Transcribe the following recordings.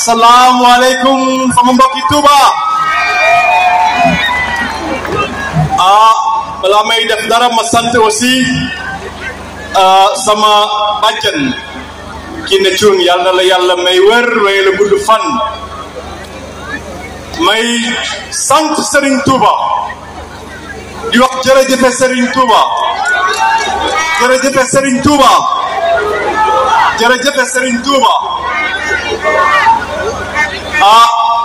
asalaamualeykum sama mbokki Touba ah balaa may def dara ma sant aussi ah, sama bàjjan ki ne cuun yàlla la yàlla may wër may la gudd fan may sant Serigne Touba di wax jërëjëfe Serigne Touba jërëjëfe Serigne Touba jërëjëfe Serigne Touba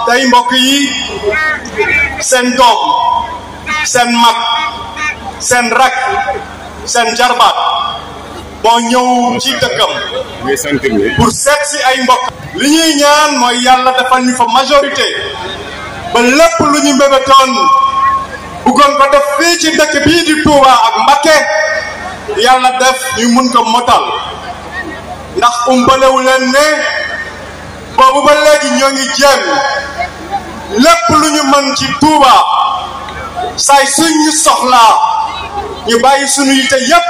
tey mbokk yi seen doom seen mag seen rak seen jarbaat moo ñëw ci dëkkam pour seet si ay mbokk li ñuy ñaan mooy yàlla defal fa majorité ba lépp lu ñu mbébétoon bëggoon ko def fii ci dëkk bii di Touba ak Mbacké yàlla def ñu mun motal ndax umbalewu leen ne boobu ba léegi ñoo ngi jéem lépp lu ñu mën ci Touba saay suñ ñu soxlaa ñu bàyyi sunu yite yépp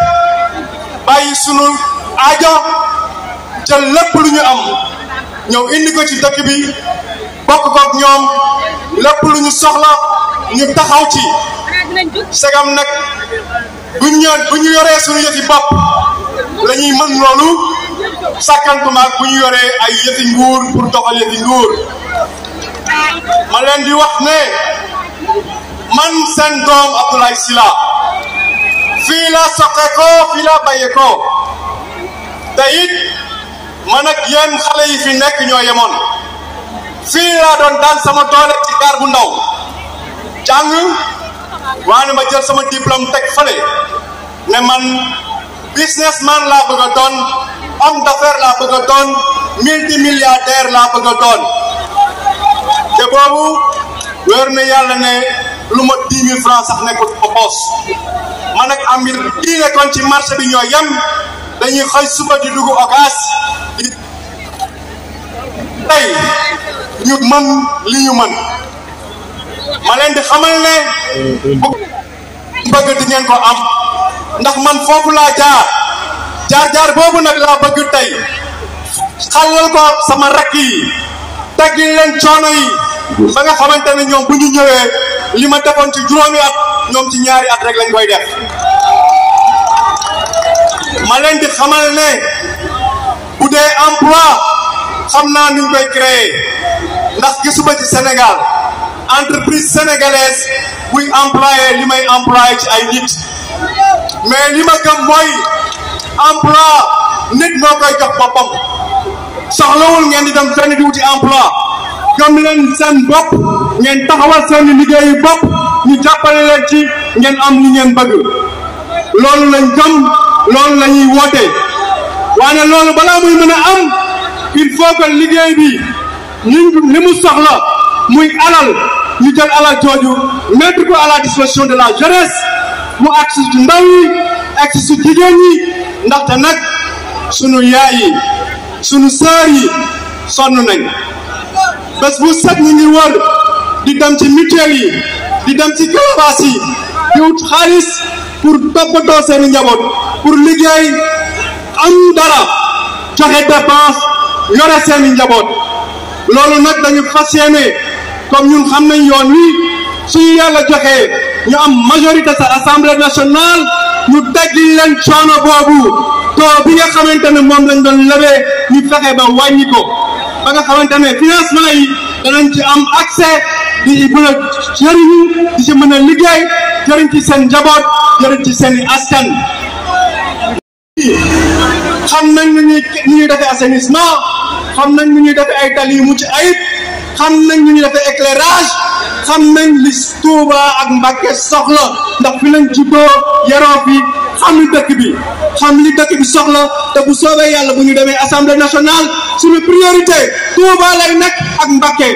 bàyyi sunu aajo jël lépp lu ñu am ñëw indi ko ci dëkk bi bokk koog ñoom lépp lu ñu soxla ñu taxaw ci segam nag buñ bu ñu yoree sunu yëfi bopp la ñuy sàkkantumaag bu ñu yoree ay yëfi nguur pour doxal yëfi nguur ma leen di wax ne man seen doom Abdoulaye Sylla fii la soqe ko fii la bàyye ko te it man ak yéen xale yi fi nekk ñoo yemoon fii laa doon daan sama doole ci gaar bu ndaw jàng waane ma jël sama diplôme teg fale ne man businessman laa bëgg doon homme d'affaires laa bëgg a doon multimilliardaire laa bëgg a te boobu wér na yàlla ne lu ma dix mille francs sax nekkul ko poos man ak Amir dii nekkoon ci marché bi ñoo yem dañuy xëy suba di dugg occas di tey ñu mën li ñu mën ma leen di xamal ne bëgg di ngeen ko am ndax man foofu laa jaar jaar-jaar boobu nag laa bëgg tey xàllal ko sama rakk yi teggil leen coono yi ba nga xamante ne ñoom bu ñu ñëwee li ma defoon ci juróomi at ñoom ci ñaari at rek lañ koy def ma leen di xamal ne bu dee emploi xam naa nuñ koy créer ndax gisuma ci Sénégal entreprise sénégalaise buy employé li may employé ci ay nit mais li ma gëm emploi nit moo koy jox boppam soxlawul ngeen di dem fenn di wuti emploi gëm leen seen bopp ngeen taxawal seen liggéeyu bopp ñu jàppale leen ci ngeen am li ngeen bëgg loolu lañ gëm loolu la ñuy woote waaye loolu balaa muy mën a am il faut liggéey bi ñu li mu soxla muy alal ñu jël alal jooju mettre ko à la disposition de la jeunesse mu agsi ci ndaw yi agsi ci jigéen ñi ndaxte nag sunu yaay yi sunu sœur yi sonn nañ bés bu set ñu ngi wër di dem ci mutuelle yi di dem ci kalabaas yi di wut xaalis pour toppatoo seeni njaboot pour liggéey am dara joxe dépense yore seeni njaboot loolu nag dañu fas yéene comme ñun xam nañ yoon wi suñu yàlla joxe ñu am majorité sa assemblée nationale ñu teggil leen coono boobu taux bi nga xamante ne moom lañ doon lebee ñu fexe ba wàññi ko ba nga xamante ne financement yi am accès di mën a jëriñu di ci mën a liggéey jëriñ ci seen njaboot jëriñ ci seen askan. xam nañ ni ñuy ni ñuy defee assainissement nañ ni ñuy defee ay tali yu mucc ayib xam nañ ni ñuy defee éclairage. xam nañ li Touba ak Mbacke soxla ndax fi lañ juddoo yaroo fi xam li dëkk bi xam li dëkk bi soxla te bu soobee yàlla bu ñu demee assemblée nationale suñu priorité Touba lay nekk ak Mbacke.